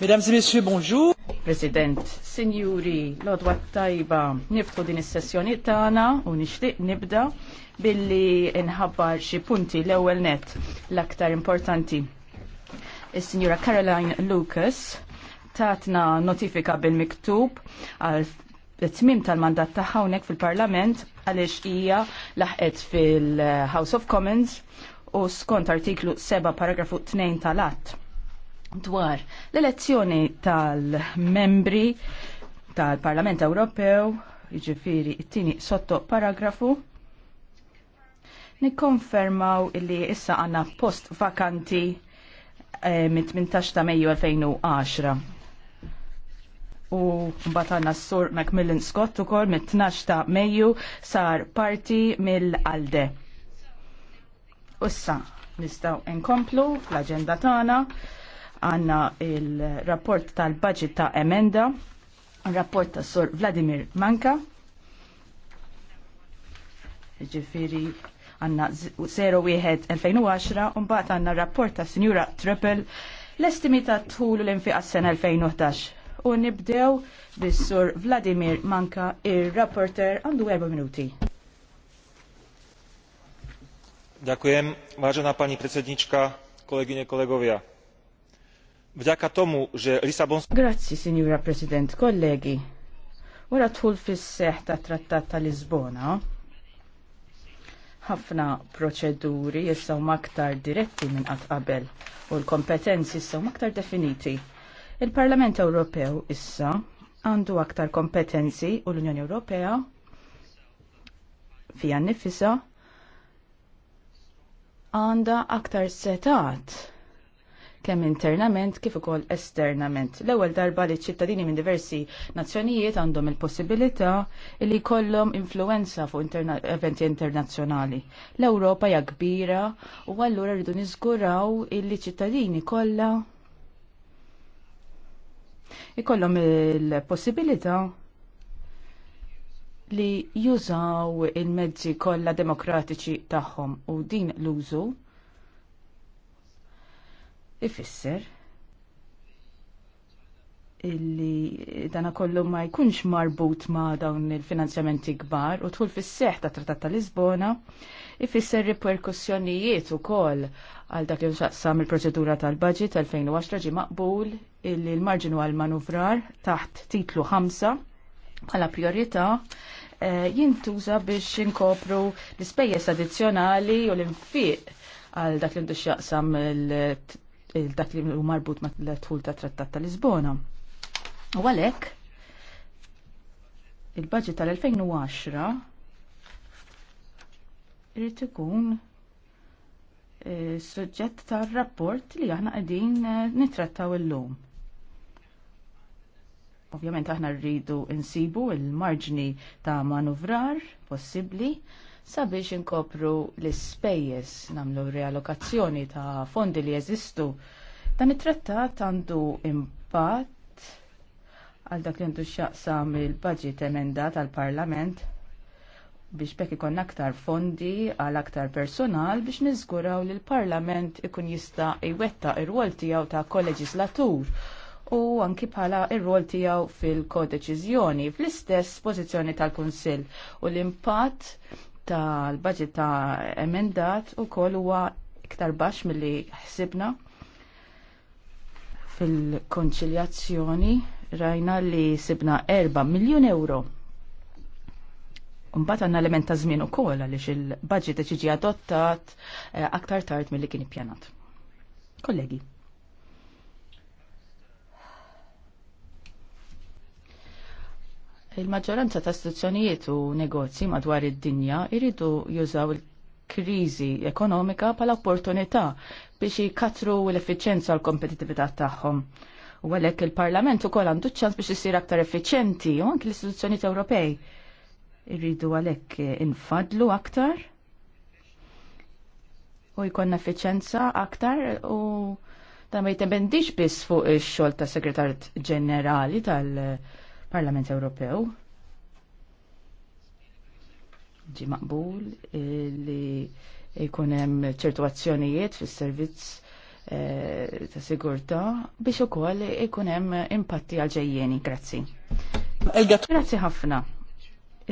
Mesdames et Messieurs, bonjour. President, Sinjuri, odwa Tajba, niftħu din is-sessjoni tagħna u nixtieq nibda billi nħabbar xi punti l-ewwel net l-aktar importanti. Is-Sinjura Caroline Lucas tatna notifika bil-miktub għal tmim tal-mandat ta' hawnhekk fil-Parlament għaliex hija laħqet fil-House of Commons u skont artiklu 7 paragrafu 2 tal-att dwar l-elezzjoni tal-membri tal-Parlament Ewropew, jiġifieri it-tieni sotto paragrafu, nikkonfermaw illi issa għandna post vakanti eh, mit-18 ta' Mejju 2010. U mbagħad għandna s-sur Macmillan Scott ukoll mit-12 ta' Mejju sar parti mill-Alde. Issa nistgħu nkomplu fl-aġenda tagħna għanna il-rapport tal-budget ta' emenda, rapport ta' Sor Vladimir Manka, ġifiri għanna 01-2010, un-bat għanna rapport ta' Signora Triple, l-estimi ta' tħulu l-infiqa s-sena 2011. U nibdew bis-Sur Vladimir Manka, il-rapporter għandu 4 minuti. Dziękuję, ważna pani przewodniczka, kolegini kolegowie Grazzi, Signora President, kollegi. Wara tħul fis-seħ ta' Trattat ta' Lisbona, ħafna proċeduri issa huma aktar diretti minn qatt qabel u l-kompetenzi issa huma aktar definiti. Il-Parlament Ewropew issa għandu aktar kompetenzi u l-Unjoni Ewropea fija nifisa għandha aktar setat kemm internament kif ukoll esternament. L-ewwel darba li ċittadini minn diversi nazzjonijiet għandhom il-possibilità li jkollhom influenza fuq interna eventi internazzjonali. L-Ewropa hija kbira u allura rridu niżguraw illi ċittadini kollha ikollhom il-possibilità li jużaw il-mezzi kollha demokratiċi tagħhom u din l-użu ifisser illi dana kollu ma jkunx marbut ma dawn il-finanzjamenti kbar u tħul fis seħ ta' Trattat ta' Lisbona ifisser riperkussjonijiet u koll għal dak li xaqsam il-proċedura tal-budget 2010 ġi maqbul illi l-marġinu għal manuvrar taħt titlu 5 bħala priorità eh, jintuża biex inkopru l-ispejjeż addizzjonali u l-infiq għal dak li jaqsam il dak li hu marbut ma' l-tħul ta' Trattat ta' Lisbona. U għalhekk il-budget tal-2010 irid ikun eh, suġġett tar-rapport li aħna qegħdin eh, nittrattaw illum. Ovvjament aħna rridu nsibu il-marġni ta' manuvrar possibbli sabiex inkopru l-ispejjeż nagħmlu realokazzjoni ta' fondi li jeżistu. Dan it-trattat għandu impatt għal dak li għandu x'jaqsam il-budget emenda tal-Parlament biex bekk ikon aktar fondi għal aktar personal biex niżguraw li l-Parlament ikun jista' jwetta ir-rwol tiegħu ta' koleġislatur u anki bħala ir rol tiegħu fil-kodeċiżjoni fl-istess pożizzjoni tal-Kunsill u l-impatt tal-budget ta' emendat u koll huwa iktar baxx milli ħsibna fil-konċiljazzjoni rajna li sibna 4 miljon euro. Mbagħad għandna element ta' żmien ukoll għaliex il-budget ġiġi adottat eh, aktar tard milli kien ippjanat. Kollegi. Il-maġġoranza ta' istituzzjonijiet u negozji madwar id-dinja jridu jużaw il-kriżi ekonomika bħala opportunità biex jikatru l-effiċenza u l-kompetitività tagħhom. U għalhekk il-Parlament ukoll għandu ċans biex isir aktar effiċenti u anke l-istituzzjonijiet Ewropej irridu għalhekk infadlu aktar u jkun effiċenza aktar u ta' ma jitebendix biss fuq ix-xogħol ta' Segretar Ġenerali tal- Parlament Ewropew ġi maqbul eh, li jkun hemm ċertu azzjonijiet fis-servizz eh, ta' sigurtà biex ukoll ikun hemm impatti għal ġejjeni. Grazzi. Grazzi ħafna.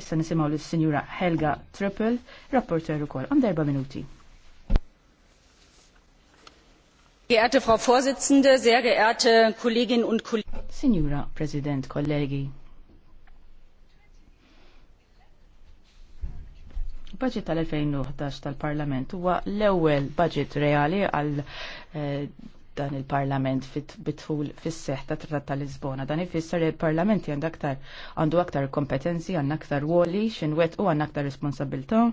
Issa nisimgħu lis-Sinjura Helga Triple, rapporter ukoll għam derba' minuti. Signora President, kollegi. Il-budget tal-2011 tal-Parlament huwa l-ewwel budget reali għal eh, dan il-Parlament bitħul fis-seħ ta' Trattat ta' Lisbona. Dan ifisser li l-Parlament għandu aktar għandu aktar kompetenzi, għandna aktar woli, xinwet u għandna aktar responsabilità.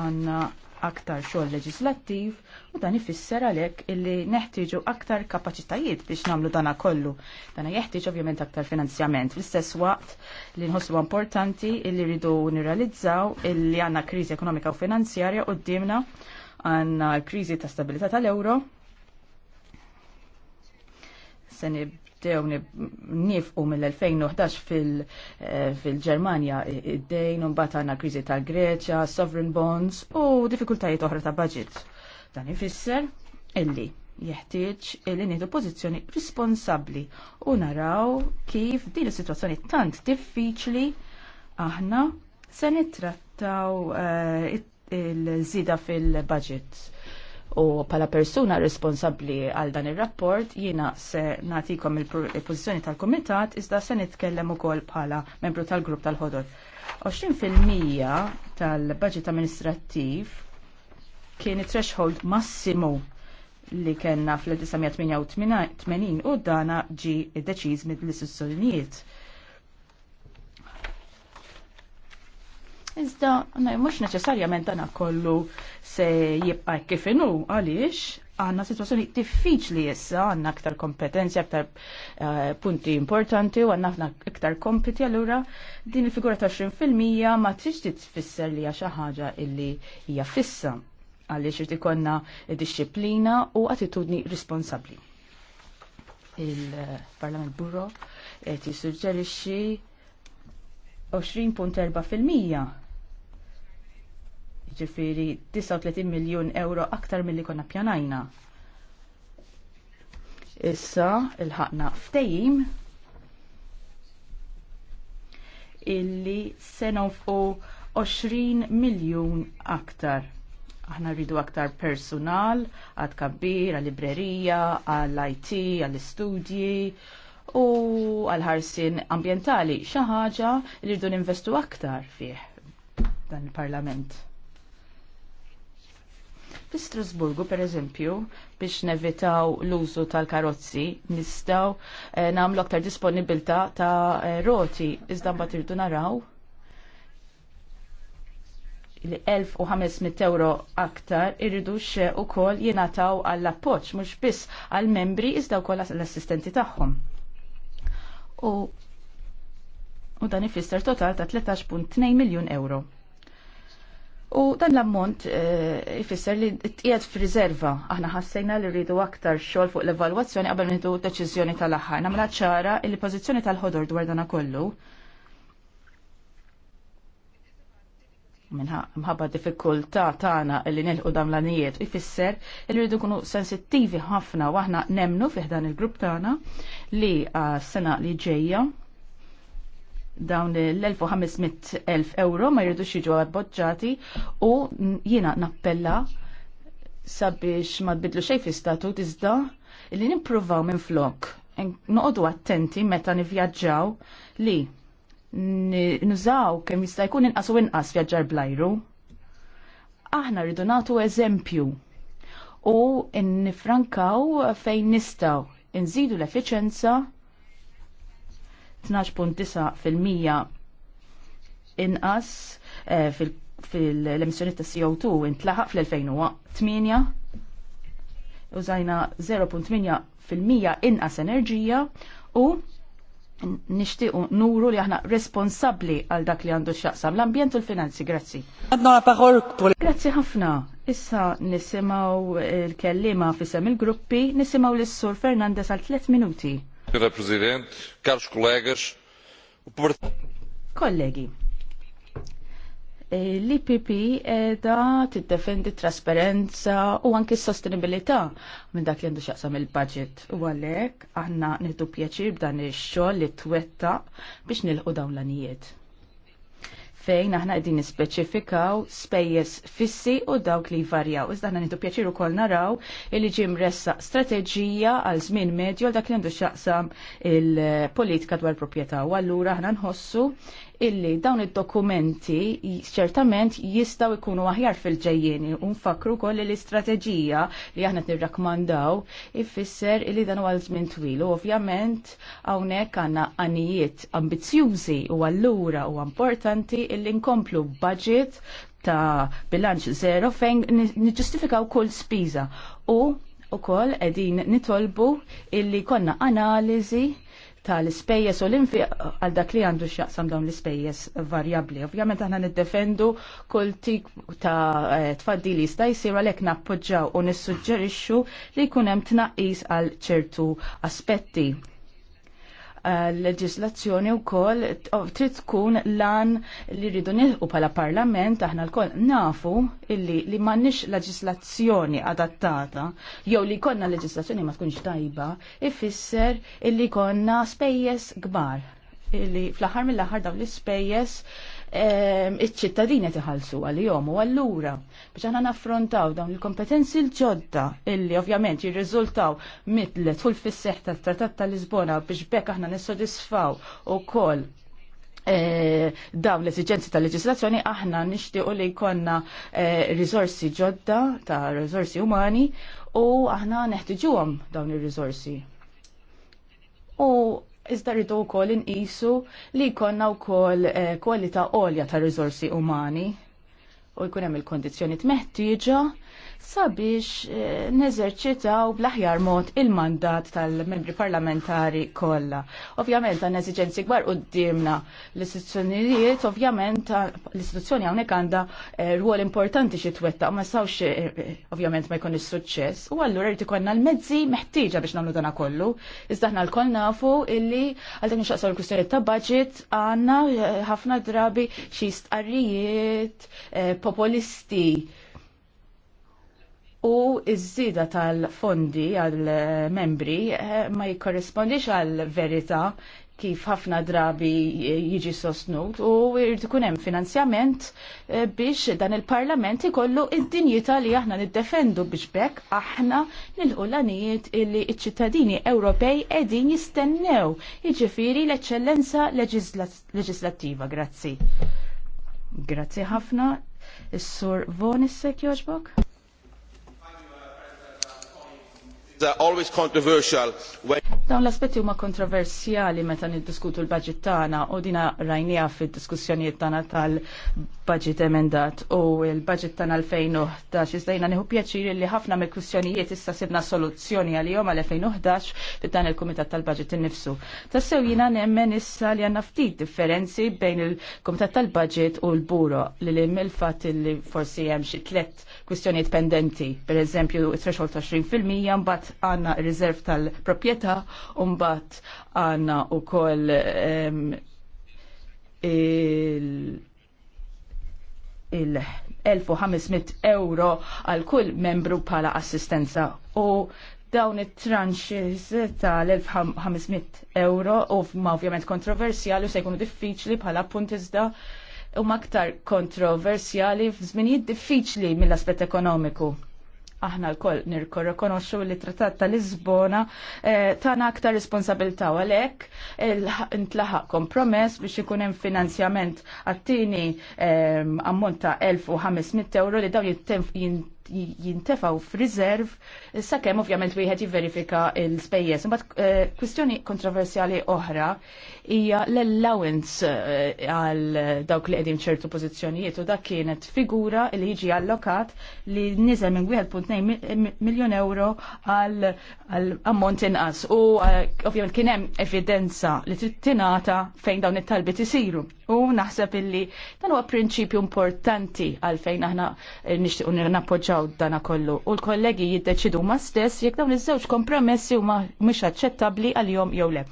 Għandna aktar xogħol leġislattiv u dan ifisser għalhekk illi neħtieġu aktar kapaċitajiet biex nagħmlu dana kollu. Dana jeħtieġ ovvjament aktar finanzjament. Fl-istess waqt li nħossu importanti illi rridu nirrealizzaw illi għandna kriżi ekonomika u finanzjarja qudiemna għandna kriżi ta' stabilità tal-euro se nib bdew nifqu mill-2011 fil-Ġermanja eh, id-dejn, mbagħad għandna kriżi tal-Greċja, sovereign bonds u diffikultajiet oħra ta' budget. Dan ifisser illi jeħtieġ illi nieħdu pożizzjoni responsabbli u naraw kif din is-sitwazzjoni tant diffiċli aħna se nittrattaw eh, il-żida fil-budget u pala persuna responsabli għal dan il-rapport jiena se natikom il-pozizjoni tal-komitat iżda se nitkellem ukoll pala membru tal-grupp tal-ħodor. 20% tal-budget amministrattiv kien threshold massimu li kena fl-1988 u dana ġi deċiż mid-istituzzjonijiet Iżda, mux neċessarjament għana kollu se jibqa kif inhu għaliex għanna situazzjoni diffiċli jessa, għanna aktar kompetenzi, aktar uh, punti importanti u għanna aktar kompiti allura din il-figura ta' 20% ma tix tfisser li għaxa ħaġa illi hija fissa għaliex irid ikonna disċiplina u attitudni responsabbli. Il-Parlament Burro qed jissuġġerixxi 20.4% ġifiri 39 miljon euro aktar mill-li konna pjanajna. Issa, il-ħakna ftejim illi senu fuq 20 miljon aktar. Aħna rridu aktar personal, għad kabbir, għal-librerija, għal-IT, għal-studji u għal-ħarsin ambientali, xaħġa li rridu ninvestu aktar fih dan il-parlament. Fi Strasburgu, per eżempju, biex nevitaw l-użu tal-karozzi, nistaw eh, namlu aktar disponibilta ta' eh, roti. Iżda mbagħad irdu naraw li 1500 euro aktar xe u kol jenataw għall-appoċ, mux biss għall-membri iżda u kol l-assistenti tagħhom. U, u dan ifisser total ta' 13.2 miljon euro. U dan l-ammont eh, ifisser li t-qiet f-rizerva. Aħna ħassejna li rridu aktar xol fuq l-evalwazzjoni qabel nħidu deċiżjoni tal-aħħar. Namla ċara il pożizzjoni tal-ħodor dwar dana kollu. Mħabba diffikultà tagħna li nilħu dam l-anijiet ifisser li rridu kunu sensittivi ħafna u aħna nemnu fih dan il-grupp tagħna li sena li ġejja dawn l 1500 euro ma jridux jiġu abbozġati u jiena nappella sabiex ma tbidlu xej fi statut iżda li nimpruvaw minn flok. Noqdu attenti meta nivvjaġġaw li nużaw kemm jista' jkun inqas u inqas vjaġġar blajru. Aħna rridu nagħtu eżempju u nifrankaw fejn nistgħu nżidu l-effiċenza 12.9% inqas eh, fil-emissjoni ta' CO2 intlaħaq fl-2008 użajna 0.8% inqas enerġija u nishtiqu nuru li aħna responsabli għal dak li għandu xaqsam l-ambjent u l-finanzi, grazzi. la Grazzi ħafna. Issa nisimaw il-kellima fisem il-gruppi, nisimaw l-sur Fernandez għal 3 minuti. Signora President, caros colegas, Kollegi, eh, l-IPP edha tiddefendi trasparenza u anki sostenibilità minn dak li għandu xaqsam il-budget. U għalek, għanna nħidu pjaċir b'dan il-xol li t-wetta biex nilħu dawn l-anijiet fejn aħna qegħdin nispeċifikaw spejjeż fissi u dawk li jvarjaw. Iżda aħna nieħdu pjaċir ukoll naraw li ġie mressaq strateġija għal żmien medju għal dak li għandu x'jaqsam il-politika dwar proprjetà. U allura aħna nħossu illi dawn id-dokumenti ċertament jistaw ikunu aħjar fil-ġejjeni u nfakru koll li l-istrateġija li aħna nirrakmandaw ifisser illi dan huwa żmien twil u ovvjament hawnhekk għandna għanijiet ambizzjużi u allura u importanti illi nkomplu budget ta' bilanċ zero fejn niġġustifikaw kull spiża u ukoll qegħdin nitolbu illi konna analiżi tal-ispejjeż u l għal dak li għandu x'jaqsam dawn l-ispejjeż varjabbli. Ovvjament aħna niddefendu kull tip ta' eh, tfaddi li jista' jsir għalhekk nappoġġaw u nissuġġerixxu li jkun hemm tnaqqis għal ċertu aspetti leġislazzjoni wkoll trid tkun lan li rridu nilqu bħala parlament aħna lkoll nafu illi li m'għandniex leġislazzjoni adattata jew li konna leġislazzjoni ma tkunx tajba ifisser illi konna spejjeż kbar illi fl-aħħar mill-aħħar dawn l-ispejjeż Ehm, iċ-ċittadini qed iħallsu għalihom u allura biex aħna naffrontaw dawn il-kompetenzi l-ġodda illi ovvjament jirriżultaw mitlet fil fis-seħħ tat-Tratat tal-Lisbona biex bekk aħna nissodisfaw ukoll eh, dawn l-esigenzi tal-leġislazzjoni aħna nixtiequ li jkollna eh, risorsi ġodda ta' risorsi umani u aħna neħtiġuhom dawn ir-risorsi. U Iżda rridu wkoll inqisu li jkollna wkoll eh, kwalità għolja ta' riżorsi umani u jkun hemm il-kondizzjoni tmeħtieġa sabiex eh, neżerċitaw bl-aħjar mod il-mandat tal-membri parlamentari kollha. Ovvjament għandna eżiġenzi d-dimna l-istituzzjonijiet, ovvjament l-istituzzjoni hawnhekk għandha eh, ruol importanti xi twettaq ma sawx eh, ovvjament ma jkun is-suċċess u allura rriti ikollna l-mezzi meħtieġa biex nagħmlu dana kollu. Iżda aħna l-koll nafu illi għal dak nixaqsaw il-kwistjoni ta' budget għandna ħafna drabi xi stqarrijiet populisti u iż-żida tal-fondi għal-membri eh, ma jikkorrespondix għal-verità kif ħafna drabi jiġi sostnut u jrid ikun hemm finanzjament eh, biex dan il-Parlament ikollu id-dinjità li aħna niddefendu biex bekk aħna nilqu l-għanijiet illi ċ-ċittadini Ewropej qegħdin jistennew jiġifieri l-eċċellenza leġislattiva. Grazzi. Grazzi ħafna. Is-sur Vonisek joġbok? always controversial when Dawn l-aspetti huma kontroversjali meta niddiskutu l-budget tagħna u dina rajnija fid-diskussjonijiet tagħna tal budget emendat u il-budget tan 2011 iżdejna niħu pjaċir li ħafna mill kwistjonijiet issa sibna soluzzjoni għal-jom għal-2011 li dan il-Komitat tal-Budget innifsu. Tassew jina nemmen issa li għanna ftit differenzi bejn il-Komitat tal-Budget u l-Buro li li mill-fat li forsi hemm xi tlet kwistjonijiet pendenti, per eżempju threshold 20% mbagħad għandna riserv tal-proprjetà u mbagħad għandna ukoll ehm, il il-1500 euro għal kull membru pala assistenza u dawn it-tranches tal-1500 euro u ma ovvjament kontroversjali u se jkunu diffiċli bħala punt iżda u maktar kontroversjali f'żminijiet diffiċli mill-aspett ekonomiku aħna l-koll nirkorrekonoxxu li trattat ta' Lisbona eh, tana aktar responsabilta għalek intlaħaq kompromess biex ikun hemm finanzjament għattini eh, ammont 1500 euro li dawn jintefaw f'riserv sakemm ovvjament wieħed jivverifika l spejjes Imbagħad eh, kwistjoni kontroversjali oħra hija l-allowance eh, għal dawk li qegħdin ċertu pożizzjonijiet u dak kienet figura li jiġi allokat li niżel minn 1.2 miljun euro għal ammont inqas u eh, ovvjament kien hemm evidenza li tittinata fejn dawn it-talbiet isiru. U naħseb illi dan huwa prinċipju importanti għalfejn aħna nixtiequ nappoġġa jappoġġaw dana kollu u l-kollegi jiddeċidu ma stess jekk dawn iż-żewġ kompromessi huma mhux aċċettabbli għalihom jew le.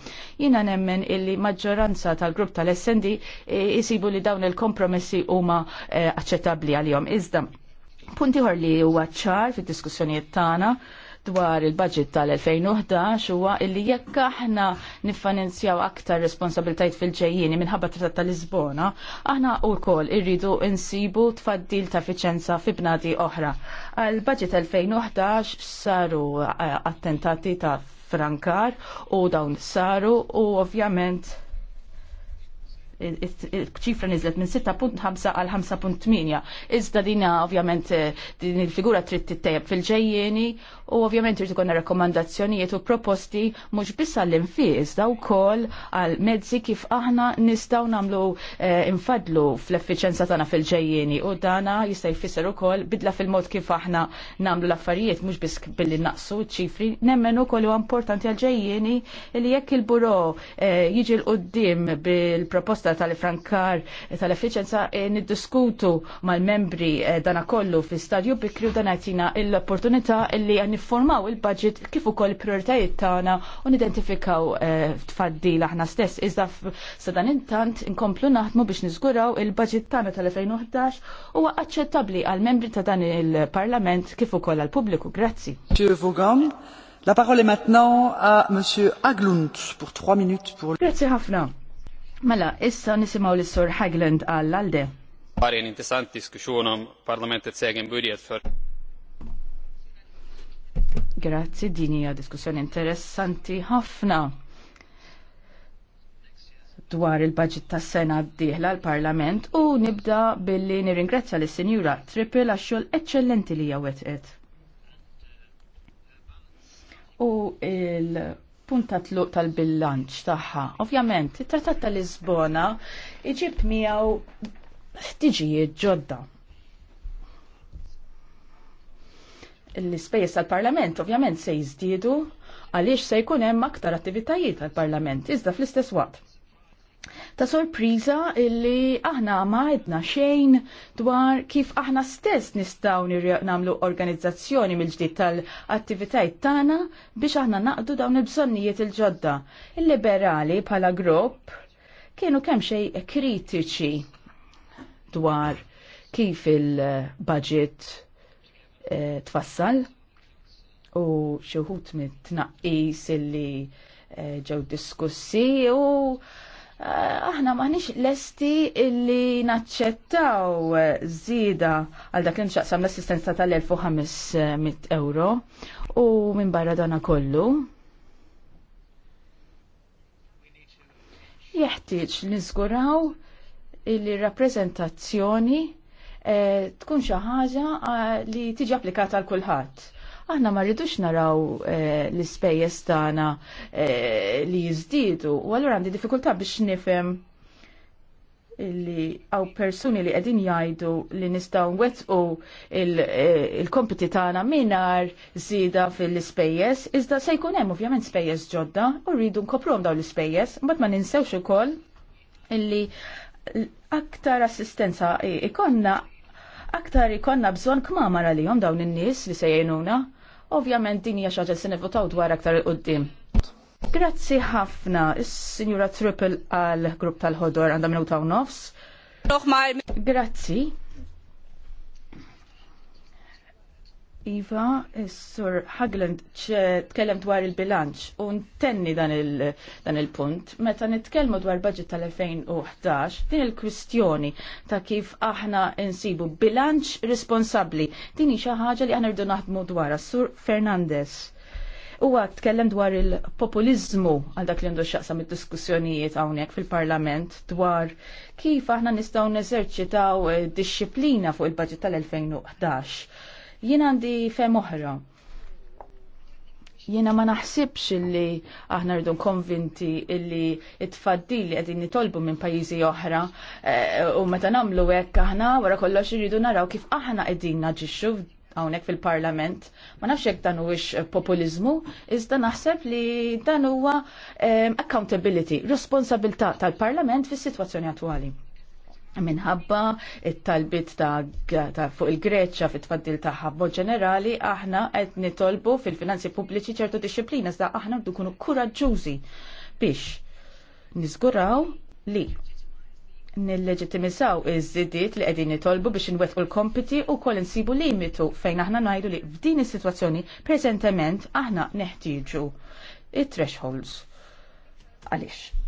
Jiena nemmen illi maġġoranza tal-grupp tal-SND jisibu e, li dawn il-kompromessi huma e, aċċettabbli għalihom. Iżda punti ħor li huwa ċar fid-diskussjonijiet tagħna dwar il-budget tal-2011 huwa illi jekk aħna niffinanzjaw aktar responsabiltajt fil-ġejjieni minħabba Trattat tal-Lisbona, aħna wkoll irridu insibu tfaddil ta' efficienza fi bnadi oħra. Għal-budget 2011 saru eh, attentati ta' frankar u dawn saru u ovvjament ċifra nizlet minn 6.5 għal 5.8. Iżda dina ovvjament eh, din il-figura trid tittejjeb fil-ġejjieni u ovvjament irid ikolna rakkomandazzjonijiet u proposti mhux biss għall-infiq iżda wkoll għal mezzi kif aħna nistgħu nagħmlu eh, infadlu fl-effiċenza tagħna fil-ġejjieni u dana jista' jfisser ukoll bidla fil-mod kif aħna nagħmlu l-affarijiet mhux biss billi naqsu ċifri nemmen ukoll huwa importanti għal ġejjieni li jekk il-buro eh, jiġi l-qudiem bil-proposta ġusta tal-frankar eh, tal-efficienza eh, niddiskutu mal-membri eh, dana kollu fi stadju bikri u dan għajtina l-opportunità li informaw il-budget kif ukoll prioritajiet tagħna u nidentifikaw tfaddil aħna stess. Iżda sa dan intant inkomplu naħdmu biex niżguraw il-budget tagħna tal-2011 huwa aċċettabbli għal-membri ta' dan il-Parlament kif ukoll għal-pubbliku. Grazzi. La parole est maintenant à M. Aglund pour trois minutes pour. Grazie ħafna. Mela, issa nisimaw l sur Hagland għall-alde. Għar jen intisant parlamentet segħin budjet för. Grazzi, din hija diskussjoni interessanti ħafna dwar il-budget tas sena d-dieħla l-Parlament u nibda billi nirringrazzja l sinjura Triple għax-xogħol eċċellenti li hija U il- punta tluq tal-bilanċ tagħha. Ovvjament, it-Trattat tal-Lisbona iġib miegħu ħtiġijiet ġodda. L-ispejjeż tal-Parlament ovvjament se jiżdiedu għaliex se jkun hemm aktar attivitajiet tal-Parlament iżda fl-istess waqt ta' sorpriża illi aħna ma edna xejn dwar kif aħna stess nistgħu nagħmlu organizzazzjoni mill-ġdid tal-attivitajiet tagħna biex aħna naqdu dawn il-bżonnijiet il-ġodda. Il-liberali bħala grupp kienu kemm xejn kritiċi dwar kif il-budget e, tfassal u xi wħud mit-tnaqqis illi eh, ġew diskussi u aħna m'aħniex lesti illi naċċettaw zida għal dak li nxaqsam l-assistenza tal-1500 euro u minn barra dana kollu. Jeħtieġ li illi rappreżentazzjoni eh, tkun xi ħaġa eh, li tiġi applikata għal kulħadd Aħna ma rridux naraw eh, l-ispejjeż tagħna eh, li jiżdiedu u allura għandi diffikultà biex nifhem li għaw persuni li għedin jajdu li nistaw wetqu eh, il-kompiti il tagħna minar zida fil-spejjes, iżda se jkun hemm ovvjament spejjes ġodda u rridu nkoprom daw l-spejjes, mbagħad ma ninsewx ukoll illi aktar assistenza ikonna aktar ikonna bżonn kmamar għalihom dawn in-nies li se jgħinuna Ovvjament din hija xi ħaġa se nivvotaw dwar aktar il qudiem Grazzi ħafna, is-Sinjura Triple għal grupp tal-ħodor għandha minuta u nofs. Grazzi. Iva, Sur Hagland tkellem dwar il-bilanċ u ntenni dan il-punt. Il Meta nitkellmu dwar budget tal-2011, din il-kwistjoni ta' kif aħna insibu bilanċ responsabli. Din xi ħaġa li għan rridu naħdmu dwar Sur Fernandez. Huwa tkellem dwar il-populizmu għal dak li għandu xaqsam id-diskussjonijiet hawnhekk fil-Parlament dwar kif aħna nistgħu neżerċitaw eh, disċiplina fuq il-budget tal-2011 Jien għandi fem oħra. Jiena ma naħsibx illi aħna rridu konvinti illi it-faddili qegħdin nitolbu minn pajjiżi oħra eh, u meta nagħmlu hekk aħna wara kollox irridu naraw kif aħna qegħdin naġixxu hawnhekk fil-Parlament. Ma nafx hekk dan huwiex populiżmu, iżda naħseb li dan huwa eh, accountability, responsabilità tal-Parlament fis-sitwazzjoni attwali minħabba it-talbit ta', ta fuq il greċja fit tfaddil ta' ħabbo ġenerali aħna qed nitolbu fil-finanzi pubbliċi ċertu disciplina, iżda aħna bdu kunu kuraġġużi biex niżguraw li nil-leġitimizaw iż-żidiet li qegħdin nitolbu biex inwettqu l-kompiti u koll insibu limitu fejn aħna ngħidu li f'din is-sitwazzjoni preżentement aħna neħtieġu it-thresholds. Għaliex?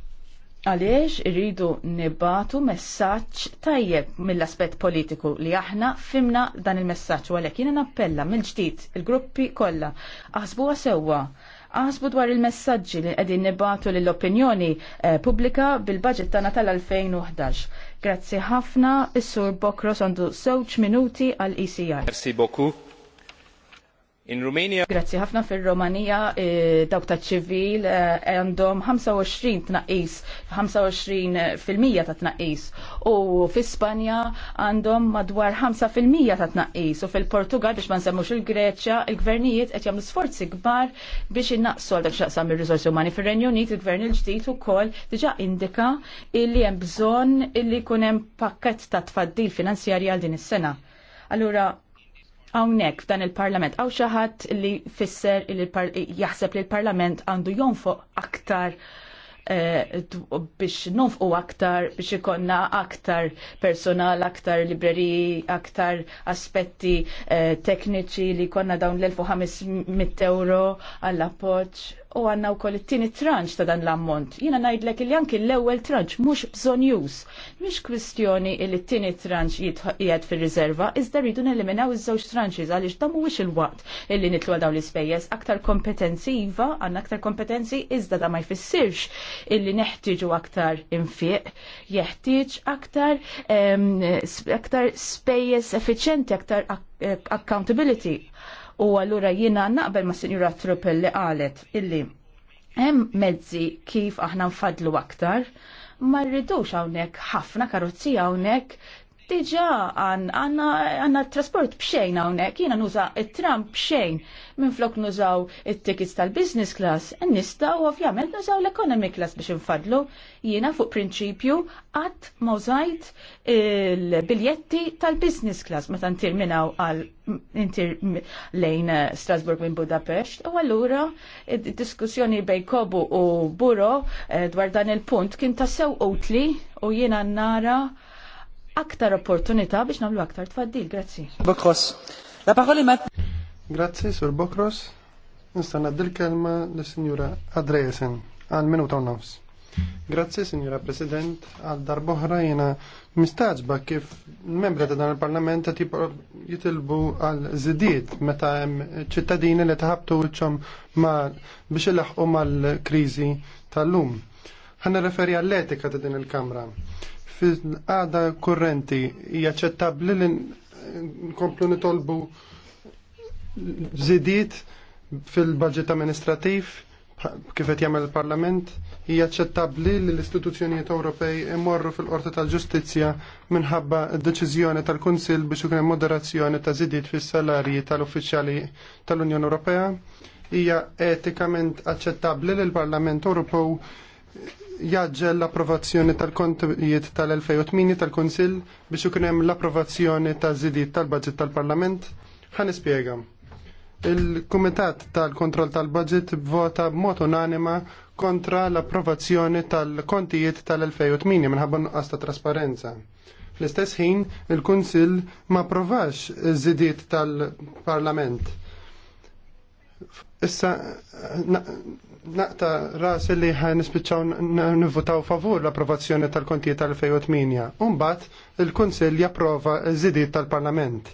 Għaliex irridu nibatu messaċ tajjeb mill-aspet politiku li aħna fimna dan il-messaċ u għalek jina nappella mill-ġdid il-gruppi kolla aħsbu għasewa aħsbu dwar il-messaġġi li għedin nibatu l-opinjoni eh, publika bil-budget tana tal-2011. Grazzi ħafna, is-sur Bokros għandu sewċ minuti għal-ECR. Merci beaucoup. In Romania. Grazzi ħafna fil romania e, dawk ta' ċivil e, għandhom 25 tnaqis, 25% ta' tnaqis. U fil-Spanja għandhom madwar 5% ta' tnaqis. U fil-Portugal biex ma nsemmux il-Greċja, il-gvernijiet qed jagħmlu sforzi kbar biex innaqsu għal dak xaqsam ir-riżorsi umani. Fir-Renju Unit il-Gvern il-ġdid ukoll diġà indika illi hemm bżonn illi jkun hemm pakkett ta' tfaddil finanzjarji għal din is-sena. Allura hawnhekk f'dan il-Parlament għaw xi ħadd li fisser li jaħseb li l-Parlament għandu jonfoq aktar eh, biex nofqu aktar, biex ikonna aktar personal, aktar libreri, aktar aspetti eh, tekniċi li konna dawn l-1500 euro għall-appoċ u għanna u koll it-tini tranċ ta' dan l-ammont. Jina najdlek il anki l-ewel tranċ mux bżonjus. Mux kwistjoni li t-tini tranċ jgħed fil-rizerva, iżda rridu neliminaw iż-żewġ tranċiż għaliex dan mhuwiex il-waqt illi nitlu dawn l-ispejjeż aktar kompetenzi iva, għandna aktar kompetenzi iżda da ma jfissirx illi neħtieġu aktar infiq, jeħtieġ aktar aktar spejjeż effiċenti, aktar accountability U allura jiena naqbel ma' Sinjura Truppel li qalet illi hemm mezzi kif aħna nfadlu aktar ma rridux hawnhekk ħafna karozzi hawnhekk Diġa għanna trasport bxejn għawnek, jina nuża il-tram bxejn, minn flok nużaw il-tickets tal-business class, nista u ovvjament nużaw l-economy class biex nfadlu, jina fuq prinċipju għat mawżajt il-biljetti tal-business class, meta ntirminaw għal lejn Strasburg minn Budapest, u għallura diskussjoni bej Kobu u Buro eh, dwar dan il-punt kien tassew utli u jina nara aktar opportunità biex nagħmlu aktar tfaddil. Grazzi. Bokros. La paroli ma. Grazzi, Sur Bokros. Nista' ngħaddi l-kelma lis-Sinjura Adresen għal minuta u nofs. Grazzi, Sinjura President, għal darboħra jena mistaġba kif membri ta' dan il-Parlament jitilbu għal zidiet meta hemm ċittadini li taħabtu wiċċhom biex ilaħqu mal-kriżi tal-lum. Ħanna referi għall-etika ta' din il-Kamra fil-għada kurrenti jaċċettabli li nkomplu nitolbu zidiet fil-budget amministrativ kif qed jagħmel il-Parlament hija aċċettabbli li l-istituzzjonijiet Ewropej imorru fil-Qorti tal-Ġustizzja minħabba d-deċiżjoni tal-Kunsill biex ikun moderazzjoni ta' żidiet fis-salarji tal-uffiċjali tal-Unjoni Ewropea hija etikament aċċettabbli li l-Parlament Ewropew jaġġel l-approvazzjoni tal-kontijiet tal-2008 tal-Konsil biex ikun hemm l-approvazzjoni ta' żidiet tal budget tal-Parlament. Għan ispjega. Il-Kumitat tal-Kontroll tal budget vota b'mod unanima kontra l-approvazzjoni tal-kontijiet tal-2008 minħabba nuqqas ta' trasparenza. Fl-istess ħin, il-Kunsil ma provax żidiet tal-Parlament. Issa, naqta ras li ħan nispiċċaw nivvotaw favur l-approvazzjoni tal konti tal-2008. Umbat, il-Kunsill japprova żidiet tal-Parlament.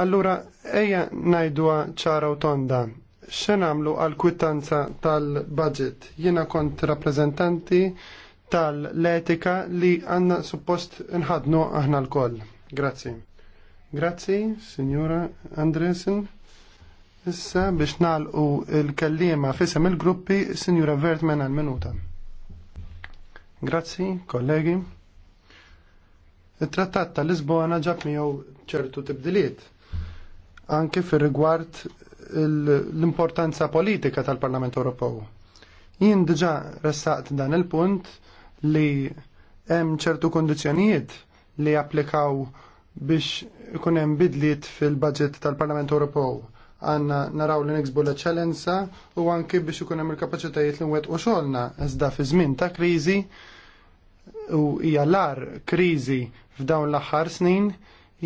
Allura, eja najdwa ċara u tonda. Xenamlu għal-kwittanza tal-budget? Jena kont rappresentanti tal-etika li għanna suppost nħadnu aħna l-koll. Grazzi. Grazzi, signora Andresen. Issa biex nalqu il-kellima fisem il-gruppi, Sinjura Vertman għal-minuta. Grazzi, kollegi. Il-trattat ta' Lisbona ġab miegħu ċertu tibdiliet, anke fir rigward l-importanza politika tal-Parlament Ewropew. Jien diġa ressaqt dan il-punt li hemm ċertu kondizzjonijiet li applikaw biex ikun hemm bidliet fil-budget tal-Parlament Ewropew għanna naraw li niksbu l-eċċellenza u anki biex ikun hemm il-kapaċitajiet li nwettqu xogħolna iżda fi żmien ta' kriżi u hija lar kriżi f'dawn l-aħħar snin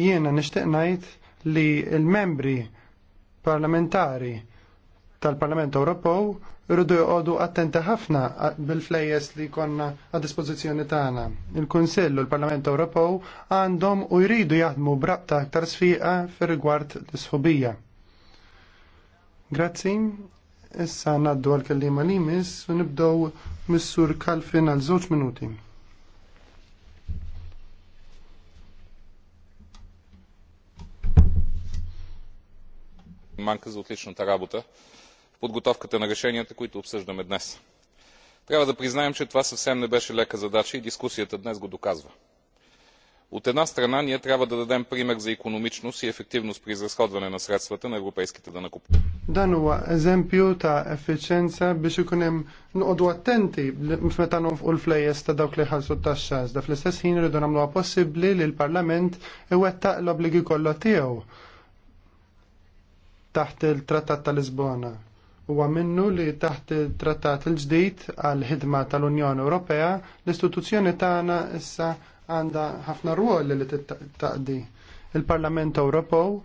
jiena nixtieq ngħid li l-membri parlamentari tal-Parlament Ewropew irridu joqogħdu attenti ħafna bil-flejjes li konna għad dispożizzjoni tagħna. Il-Kunsill u l-Parlament Ewropew għandhom u jridu jaħdmu brabta aktar sfiqa fir rigward l-isħubija. Grazzi, issa naddu għal-kellima li mis u nibdow missur Kalfin għal żewġ minuti. Манка за отличната работа в подготовката на решенията, които обсъждаме днес. Трябва да признаем, че това съвсем не беше лека задача и дискусията днес го доказва от една страна ние трябва да дадем пример за икономичност и ефективност при изразходване на средствата на европейските данъкоплатци. Dan huwa eżempju ta' efficienza biex ikun hemm noqogħdu attenti meta nonfqu l-flejjes ta' dawk li ħallsu taxxa iżda fl-istess ħin irridu nagħmluha possibbli li l-Parlament iwettaq l-obbligi kollha tiegħu taħt il-Trattat tal-Lisbona. Huwa minnu li taħt il-Trattat il-ġdid għal ħidma tal-Unjoni Ewropea l-istituzzjoni tagħna issa għandha ħafna rwol li taqdi. Il-Parlament Ewropew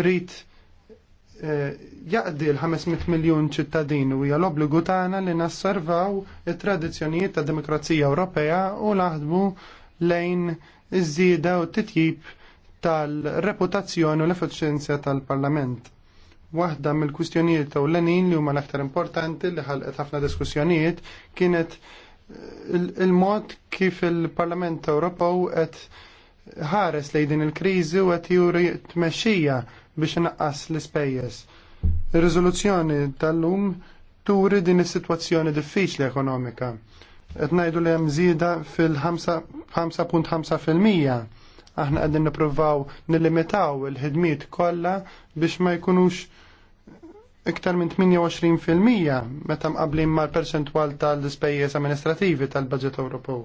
rrit eh, jaqdi l-500 miljon ċittadin u hija l-obbligu tagħna li nasservaw it-tradizzjonijiet ta' demokrazija Ewropea u laħdbu lejn iż-żieda u t-titjib tal-reputazzjoni u l-efficienza tal-Parlament. Waħda mill-kwistjonijiet u l-lenin li huma l-aktar importanti li ħalqet ħafna diskussjonijiet kienet il-mod kif il-Parlament Ewropew qed ħares lejn din il-kriżi u qed juri tmexxija biex inqas l-ispejjeż. Ir-riżoluzzjoni tal-lum turi din is-sitwazzjoni diffiċli ekonomika. Qed ngħidu li hemm żieda fil-5.5 aħna qegħdin nippruvaw nillimitaw il-ħidmiet kollha biex ma jkunux iktar minn 28% meta mqablin mal-perċentwal tal-ispejjeż amministrativi tal-Baġġet Ewropew.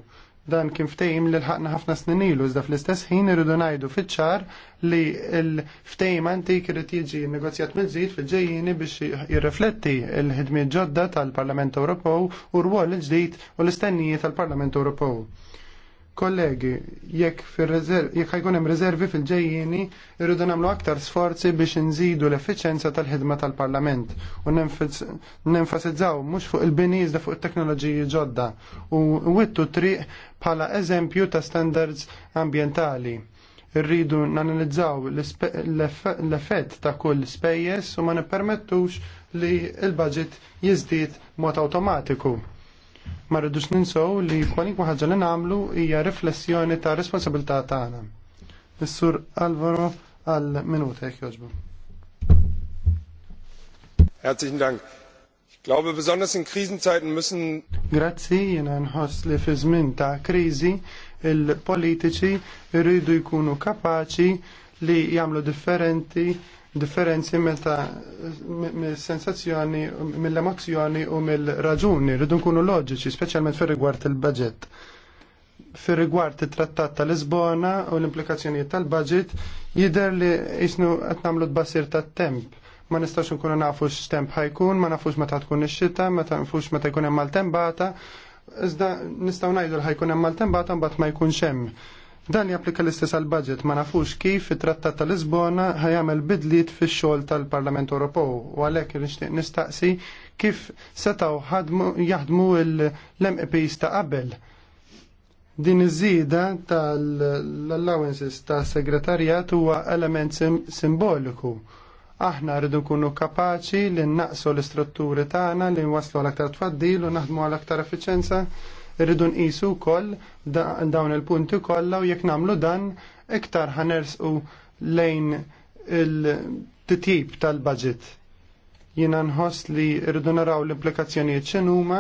Dan kien ftehim li lħaqna ħafna snin ilu iżda fl-istess ħin irridu ngħidu fiċ-ċar li l-ftehim antik irid jiġi negozjat mill-ġdid fil-ġejjieni biex jirrifletti l-ħidmiet ġodda tal-Parlament Ewropew u rwol il-ġdid u l istennijiet tal-Parlament Ewropew. Kollegi, jekk jek ħajkun hemm riservi fil ġejjini irridu nagħmlu aktar sforzi biex nżidu l-effiċenza tal-ħidma tal-Parlament u nenfasizzaw mhux fuq il-bini iżda fuq it-teknoloġiji ġodda u wittu triq bħala eżempju ta' standards ambjentali rridu nanalizzaw l-effett ta' kull spejjes u ma nippermettux li l-budget jiżdied mod awtomatiku. Ma rridux ninsow li kwalinkwa ħaġa li namlu hija riflessjoni ta' responsabilità tagħna. Is-sur Alvaro għal minuta jekk jogħġbu. Herzlichen Dank. Ich glaube, besonders in Krisenzeiten müssen. Grazzi, jena nħoss li fi ta' krizi, il-politiċi rridu jkunu kapaċi li jagħmlu differenti differenzi meta mill-sensazzjoni, mill-emozzjoni u mill-raġuni. Rridu nkunu loġiċi, speċjalment fir-rigward il-budget fir rigward it-trattat tal-Lisbona u l-implikazzjonijiet tal-budget jidher li jisnu qed nagħmlu tbassir tat-temp. Ma nistax nkunu nafu x'temp ħajkun, ma nafux meta tkun ix-xita, meta nafux meta jkun hemm maltempata iżda nistgħu ngħidu li ħajkun hemm maltempata mbagħad ma jkunx hemm. Dan japplika l-istess għal budget ma nafux kif it-Trattat ta' Lisbona ħajamel bidliet fix-xogħol tal-Parlament Ewropew u għalhekk nixtieq nistaqsi kif setaw jaħdmu l-MEPs ta' qabel. Din iż-żieda tal-allowances ta' segretarjat huwa element simboliku. Aħna rridu nkunu kapaċi li naqsu l-istrutturi tagħna li nwasslu għal aktar tfaddil u naħdmu għal aktar effiċenza Irridu nqisu wkoll dawn il-punti kollha u jekk nagħmlu dan iktar ħanersqu lejn il-titjib tal-budget. Jiena nħoss li rridu naraw l-implikazzjonijiet x'inhuma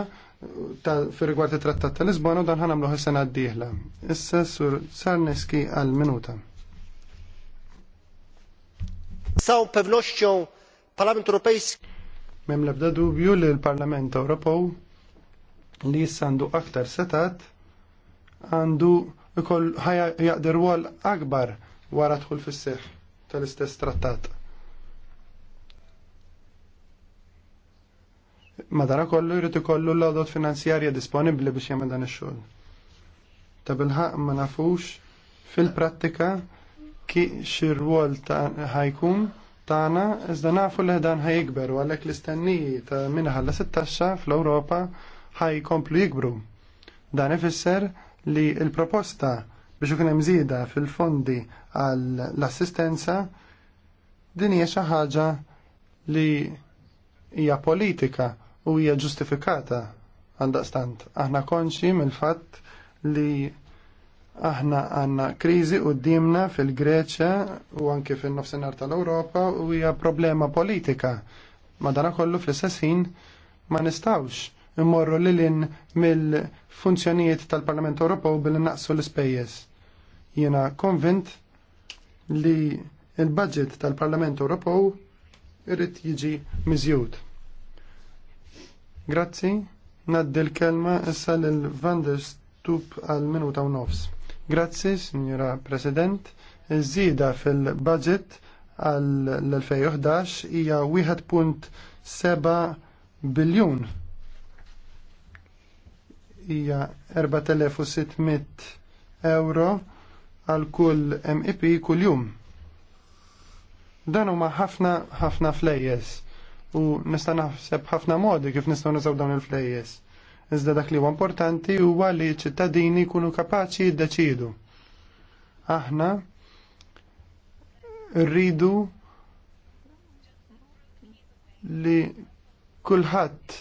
fir-rigward it-Trattat ta' Lisbona u dan ħanamluħ is-sena d-dieħla. Issa sur Sarneski għal minuta. Saw całą Parlament Ewropejski. Mem ebda dubju li l-Parlament Ewropew li jissandu aktar setat għandu ikoll jaqder rwol akbar wara tħul fis seħħ tal-istess trattat. Madara kollu jrid ikollu l-għodot finanzjarja disponibbli biex jagħmel dan ix-xogħol. Ta' bilħaq ma nafux fil-prattika ki xi rwol ta' ħajkun tagħna iżda nafu li dan ħajkber u għalhekk l istennijiet ta' minħalla 16 fl-Ewropa ħaj komplu jikbru. Dan ifisser li il-proposta biex ikun hemm żieda fil-fondi għall-assistenza din hija xi ħaġa li hija politika u hija ġustifikata għandaqstant. Aħna konxi mill-fatt li aħna għanna kriżi qudiemna fil-Greċja u anke fin-nofsinhar tal-Ewropa u hija problema politika. madanakollu kollu fl-istess ħin ma nistawx immorru lilin mill-funzjonijiet tal-Parlament Ewropew billi naqsu l-ispejjeż. Jiena konvint li il-budget tal-Parlament Ewropew irrid jiġi miżjud. Grazzi, naddi l-kelma issa lil Vander Stup għal minuta u nofs. Grazzi, Signora President, iż-żieda fil-budget għal l-2011 hija 1.7 biljun hija 4600 euro għal kull MEP kull jum. Dan huma ħafna ħafna flejjes u nista' naħseb ħafna modi kif nistgħu nużaw dawn il-flejjes. Iżda dak li huwa importanti huwa li ċittadini jkunu kapaċi jiddeċidu. Aħna rridu li kulħadd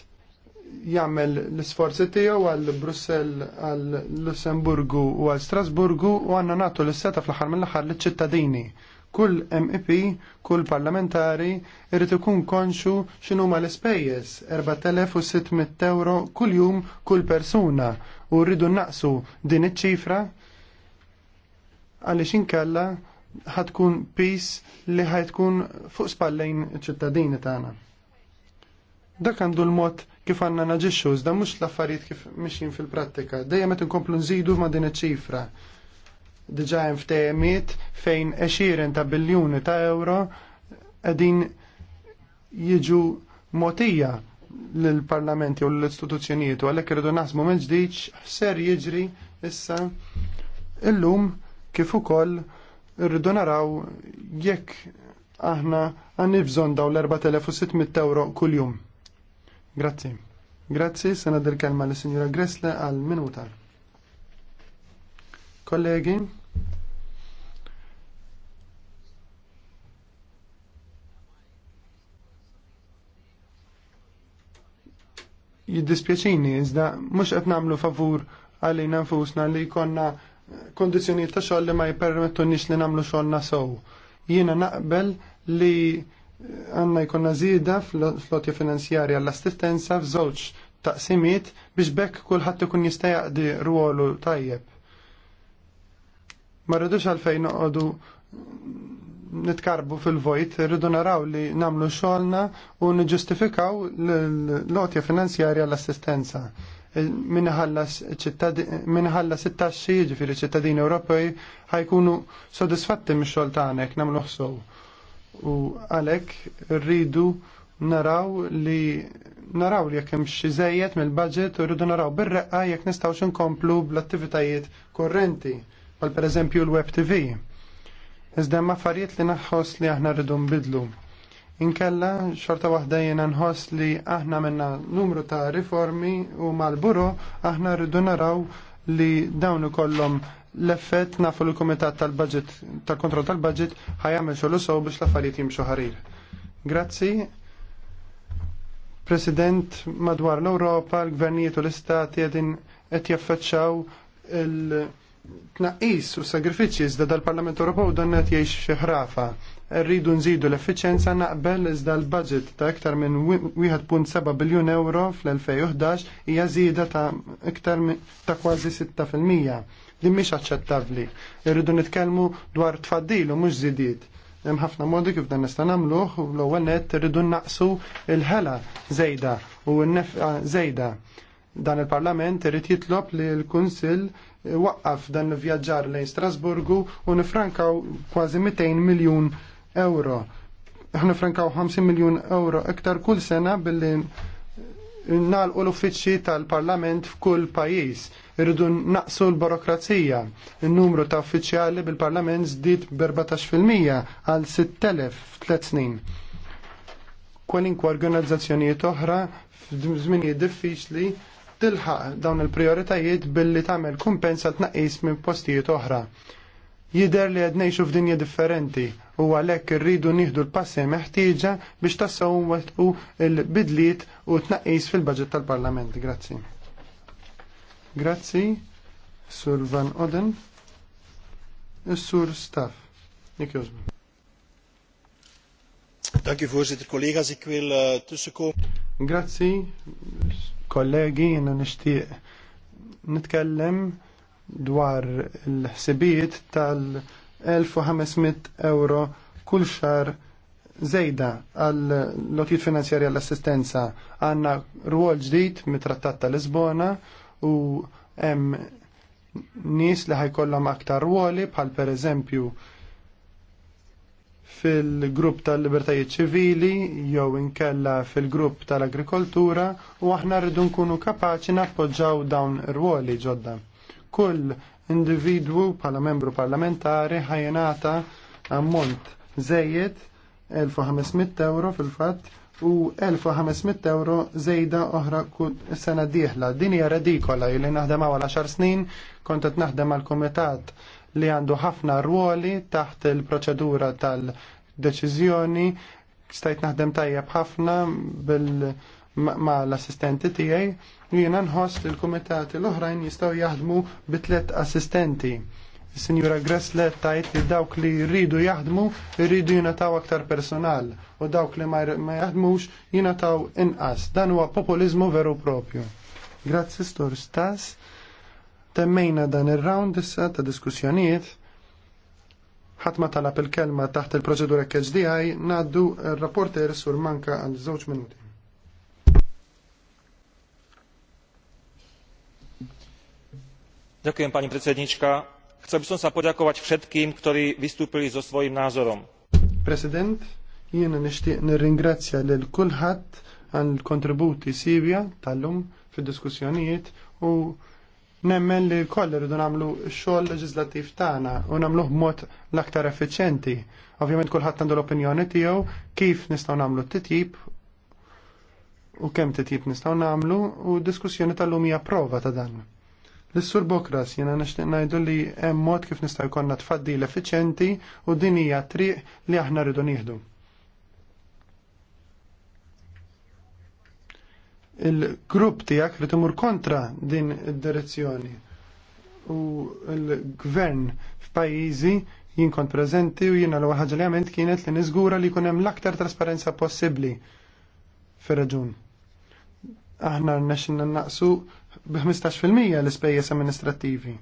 jagħmel l-isforzi tiegħu għal Brussell għal Lussemburgu u għal Strasburgu u għandna nagħtu l-seta fl-aħħar mill-aħħar liċ-ċittadini. Kull MEP, kull parlamentari irid ikun konxu x'inhu ma l-ispejjeż 4600 euro kull jum kull persuna u rridu naqsu din iċ-ċifra għaliex inkella ħatkun pis li ħajtkun fuq spallejn iċ-ċittadini tagħna. Dak għandu l-mod kif għanna naġixxu, zda mhux l-affarijiet kif mixjin fil-prattika. Dejjem metin inkomplu nżidu ma' din iċ-ċifra. Diġà hemm ftehimiet fejn eċiren ta' biljuni ta' euro qegħdin jiġu motija l-parlamenti u l-istituzzjonijiet u għalhekk irridu nasmu minn ġdid ser jiġri issa illum kif ukoll rridu naraw jekk aħna għandni bżonn daw l-4600 euro kuljum. Grazzi. Grazie, sena dil-kelma li signora Gressle għal minuta. Kollegi, jiddispjaċini, iżda mux qed namlu favur għalina nfusna li konna kondizjoni ta' xogħol li ma nix li namlu xogħolna nasow. Jiena naqbel li għanna jkonna zida fl-flotja finanzjarja għall-assistenza f'żewġ taqsimiet biex bekk kulħadd ikun jista' jaqdi ruwolu tajjeb. Ma rridux għalfejn noqogħdu nitkarbu fil-vojt, rridu naraw li namlu xogħolna u niġġustifikaw l-lotja finanzjarja l-assistenza. Minħalla taxxi ġifieri ċittadini Ewropej ħajkunu sodisfatti mix-xogħol tagħnek namlu ħsow u għalhekk rridu naraw li naraw li jekk hemm xi żejjed mill-budget u rridu naraw bir-reqqa jekk nistgħux inkomplu bl-attivitajiet korrenti bħal pereżempju l-Web TV. Iżda hemm affarijiet li naħħoss li aħna rridu nbidlu. Inkella xorta waħda jena nħoss li aħna menna numru ta' riformi u mal-buro aħna rridu naraw li dawn ikollhom l-effett nafu l kumitat tal-Budget, tal-Kontroll tal-Budget ħajamel xogħol sew biex l-affarijiet jimxu ħarir. Grazzi. President madwar l-Ewropa, l-gvernijiet u l-istati għedin qed jaffeċċaw il-tnaqqis u sagrifiċċji iżda dal-Parlament Ewropew dan qed jgħix xi ħrafa. Rridu nżidu l-effiċenza naqbel iżda l-budget ta' iktar minn 1.7 biljun euro fl-2011 hija żieda ta' iktar ta' kważi 6% li mhix aċċettabbli. Irridu nitkellmu dwar tfaddil u mhux żidiet. Hemm ħafna modi kif dan nista' nagħmluh u l-ewwel nett irridu naqsu l-ħela żejda u n-nefqa żejda. Dan il-Parlament irid jitlob li l-Kunsill waqqaf dan l-vjaġġar lejn Strasburgu u nifrankaw kważi 200 miljun euro. frankaw 50 miljun euro iktar kull sena billi nalqu l-uffiċċji tal-Parlament f'kull pajjiż. Irridu naqsu l-burokrazija. Il-numru ta' uffiċjali bil-Parlament żdied b'14% għal 6,000 f'tliet snin. Kwalinkwa organizzazzjonijiet oħra f'żminijiet diffiċli tilħaq dawn il-prioritajiet billi tagħmel kumpensa tnaqqis minn postijiet oħra. Jider li għed nejxu f'dinja differenti u għalhekk irridu nieħdu l-passi meħtieġa biex tassaw wettqu l-bidliet u tnaqqis fil-budget tal-Parlament. Grazzi. Grazzi, Sur Van Oden, Sur Staff. Nik jużbu. Dank u voorzitter, collega's. Ik wil uh, eh, tussenkomen. Grazzi, kollegi, jena nishtiq nitkellem dwar l-ħsibijiet tal-1500 euro kull xar zejda għal lotijiet finanzjarja l-assistenza għanna rwol ġdid mit-trattat tal-Lisbona u hemm nies li ħajkollhom aktar rwoli bħal per eżempju fil-grupp tal-libertajiet ċivili jew inkella fil-grupp tal-agrikoltura u aħna rridu nkunu kapaċi nappoġġaw dawn ir-rwoli ġodda kull individwu bħala membru parlamentari ħajenata ammont żejjed 1500 euro fil-fatt u 1500 euro żejda oħra kull sena dieħla. Din hija redikola li naħdem għal 10 snin kont qed naħdem għal kumitat li għandu ħafna ruoli taħt il-proċedura tal-deċiżjoni stajt naħdem tajjeb ħafna bil ma l-assistenti tiegħi u jiena nħoss li l-kumitati l-oħrajn jistgħu jaħdmu bi tliet assistenti. Sinjura Gressle tajt li dawk li rridu jaħdmu rridu jinataw aktar personal u dawk li ma jaħdmux jinataw inqas. Dan huwa populizmu veru propju. Grazzi Stor Stas. Temmejna dan ir-round issa ta' diskussjonijiet. Ħadd ma talab il-kelma taħt il-proċedura KHDI ngħaddu r-rapporter sur manka għal żewġ minuti. Ďakujem, pani predsednička. Chcel by som sa poďakovať všetkým, ktorí vystúpili so svojím názorom. President, jiena nixtieq nirringrazzja lil kulħadd għal kontributi Sivja tal-lum fid-diskussjonijiet u nemmen li koll irridu nagħmlu x-xogħol leġislattiv tagħna u nagħmluh b'mod l-aktar effiċjenti. Ovvjament kulħadd għandu l-opinjoni tiegħu kif nistgħu nagħmlu t-titjib u kemm titjib nistgħu nagħmlu u d diskussjoni tal-lum hija prova ta' dan. L-Sur Bokras jena nishtiq najdu li hemm mod kif nista' jkollna tfaddil effiċenti u din hija triq li aħna rridu nieħdu. Il-grupp tiegħek rid imur kontra din id-direzzjoni u l-gvern f'pajjiżi jien kont preżenti u jiena l-ewwel ħaġa li għamilt kienet li niżgura li jkun hemm l-aktar trasparenza possibbli fir-raġun. Aħna rnexxin naqsu b-15% l-ispejjeż amministrattivi.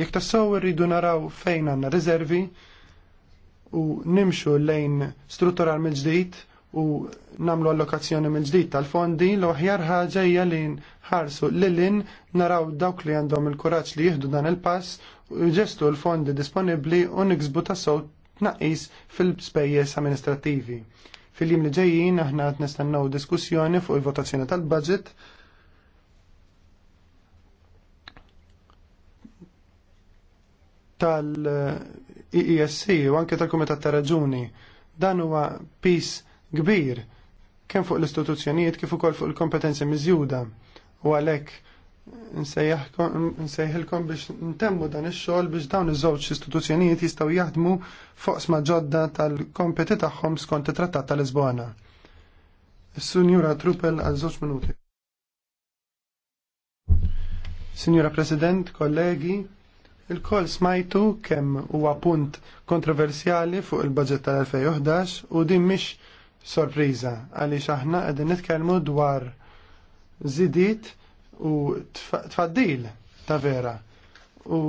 Jekk tassaw irridu naraw fejn għandna riservi u nimxu lejn strutturar mill-ġdid u namlu allokazzjoni mill-ġdid tal-fondi l oħjar ħaġa hija li nħarsu lilin naraw dawk li għandhom il-kuraġġ li jieħdu dan il-pass u ġestu l-fondi disponibbli u niksbu tassaw tnaqqis fil-spejjeż amministrattivi. fil jim li ġejjin aħna qed nistennew diskussjoni fuq il-votazzjoni tal-budget tal-EESC u anke tal-Kumitat ta' Raġuni. Dan huwa pis kbir kemm fuq l-istituzzjonijiet kif ukoll fuq il-kompetenzi miżjuda u għalhekk nsejħilkom biex ntemmu dan ix-xogħol biex dawn iż-żewġ istituzzjonijiet jistgħu jaħdmu fuq ġodda tal-kompeti tagħhom skont it-Trattat tal-Lisbona. Is-Sunjura Truppel għal żewġ minuti. Signora President, kollegi, Il-koll smajtu kemm huwa punt kontroversjali fuq il-budget tal-2011 u din mhix sorpriża għaliex aħna qegħdin nitkellmu dwar żidiet u tfaddil ta' vera. U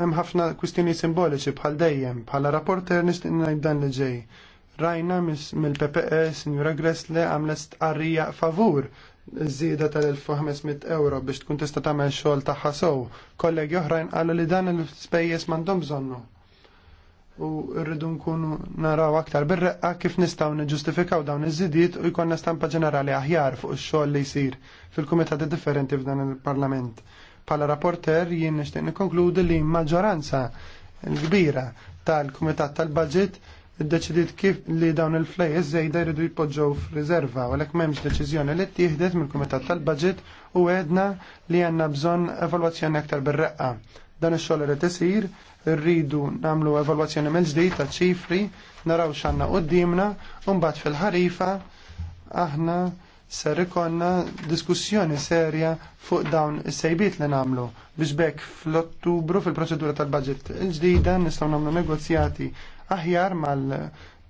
hemm ħafna kwistjoni simboliċi bħal dejjem bħala rapporter nixtieq ngħid dan li ġej. Rajna mill-PPE, Sinjura Gressle, għamlest stqarrija favur żieda tal-1500 euro biex tkun tista' tagħmel xogħol tagħha sew. Kollegi oħrajn qalu li dan il-spejjeż m'għandhom bżonnu. U rridu nkunu naraw aktar bir-reqqa kif nistgħu niġġustifikaw dawn iż-żidiet u jkollna stampa ġenerali aħjar fuq ix-xogħol li jsir fil-kumitati differenti f'dan il-Parlament. Pala rapporter jien nixtieq nikkonkludi li maġġoranza l-kbira tal-Kumitat tal-Budget tal budget tal id-deċidit kif li dawn il-flejes żejda jridu jpoġġew f'riserva u għalhekk m'hemmx deċiżjoni li ttieħdet mill-Kumitat tal budget u għedna li għandna bżonn evalwazzjoni aktar bir-reqqa. Dan ix-xogħol t isir, rridu nagħmlu evalwazzjoni mill-ġdid ta' ċifri, naraw d-dimna, u mbagħad fil-ħarifa aħna ser ikonna diskussjoni serja fuq dawn is-sejbiet li nagħmlu biex bekk fl-Ottubru fil-proċedura tal-budget il-ġdida nistgħu nagħmlu negozjati aħjar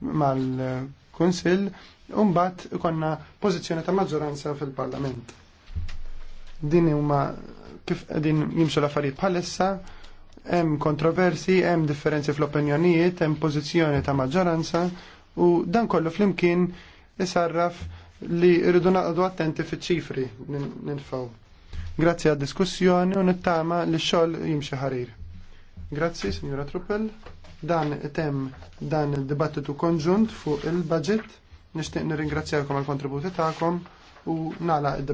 mal-Kunsill mal u mbagħad ikonna pożizzjoni ta' maġġoranza fil-Parlament. Din huma kif din jimxu l-affarijiet bħalissa, hemm kontroversi, hemm differenzi fl-opinjonijiet, hemm pożizzjoni ta' maġġoranza u dan kollu flimkien isarraf li rridu naqdu attenti fiċ-ċifri ninfaw. Grazzi għad diskussjoni u nittama li xogħol jimxi ħarir. Grazzi, signora Truppel dan tem dan il-dibattitu konġunt fuq il-budget. Nishtiq nirringrazzjakom għal kontributi tagħkom u nala id